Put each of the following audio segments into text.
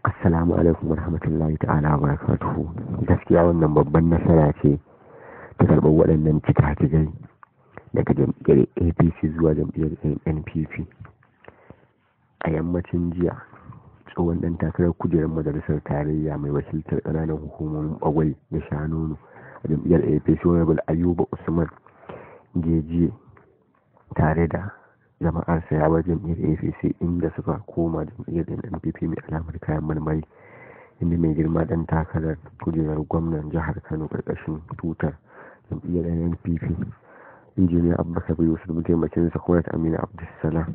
assalamu alaikum warahmatullahi ta'ala barakatuhu gaskiya wannan babban nasara ce ta karɓar waɗannan cikakigai daga jam'iyyar apc zuwa jam'iyyar npp a yammacin jiya tsohon ɗan takarar kujerar majalisar tarayya mai wakiltar ƙananan hukumomin ƙwagwai da shanonu a jam'iyyar apc Wani ayuba usman geji tare da jama'arsa ya bar jam'iyyar apc inda suka koma jam'iyyar npp mai alamar kayan marmari inda mai girma dan takarar kujerar gwamnan jihar kano karkashin tutar jam'iyyar npp injiniya abubakar yusuf mataimakin sakurat amina abdulsalam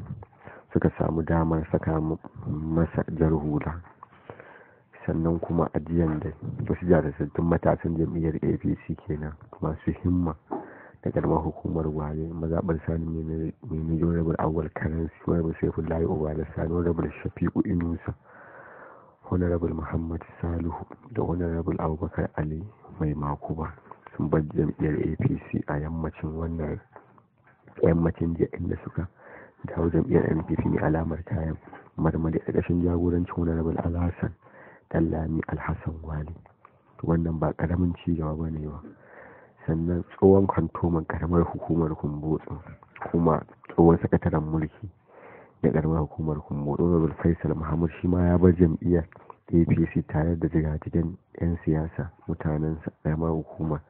suka samu damar saka masa jar hula sannan kuma ajiyar da wasu jarasattun matasan jam'iyyar apc kenan masu himma da karamar hukumar gwale mazaɓar sani mai nijo rabar awal karansi wani saifin layi da sani rabar shafi'u inusa honorable muhammad salihu da honorable abubakar ali mai ba. sun bar jam'iyyar apc a yammacin wannan yammacin jiya inda suka dawo jam'iyyar npp ne alamar kayan marmari a ƙarshen jagorancin honorable alhassan dallami alhassan wali wannan ba ƙaramin cigaba ba ne ba sannan tsohon kwantoman karamar hukumar kumbotso kuma tsohon sakataren mulki na karamar hukumar kumbotso da faisal muhammad shi ma ya bar jam'iyyar apc tare da jigajigen 'yan siyasa mutanen karamar hukumar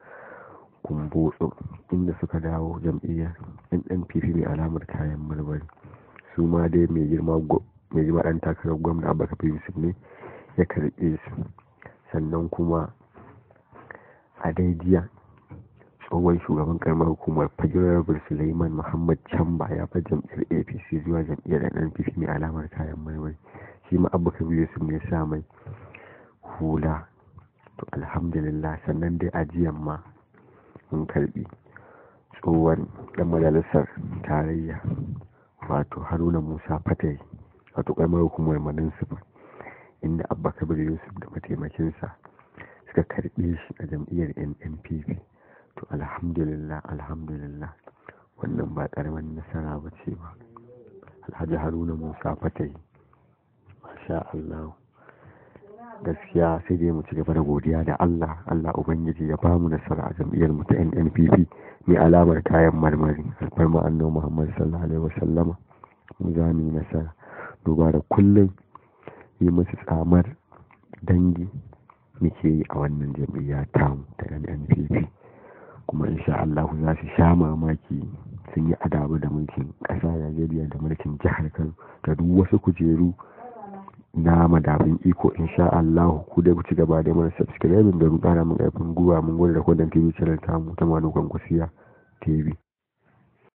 kumbotso inda suka dawo jam'iyyar nnpp mai alamar kayan marmari su ma dai mai girma ɗan takarar gwamna abubakar yusuf ne ya karɓe su sannan kuma a daidiya tsohon shugaban karamar hukumar fajirar bursulaiman muhammad chamba ya bar jam'iyyar apc zuwa jam'iyyar nnpp mai alamar kayan marmari shi ma abu biyu sun ne sa mai hula to alhamdulillah sannan dai ajiyan ma mun karbi tsohon ɗan majalisar tarayya wato haruna musa fatai wato karamar hukumar manin inda abba kabir yusuf da mataimakinsa suka karbe shi a jam'iyyar nnpp to alhamdulillah alhamdulillah wannan ba karamin nasara ba ce ba alhaji haruna musa fatai masha Allah gaskiya sai dai mu ci gaba da godiya da Allah Allah ubangiji ya ba mu nasara a jam'iyyar mu ta NNPP mai alamar kayan marmari alfarma annabi Muhammad sallallahu alaihi wasallama mu za mu yi nasara duba da kullum yi musu tsamar dangi muke yi a wannan jam'iyya mu ta NNPP kuma insha Allah za su sha mamaki sun yi adaba da mulkin ƙasa Najeriya da mulkin jihar Kano da duk wasu kujeru na madafin iko insha Allah ku dai ku ci gaba da mana subscribing da ƙara mun ƙarfin gwiwa mun gwada da kwadan TV channel tamu ta Malam Kwankwasiya TV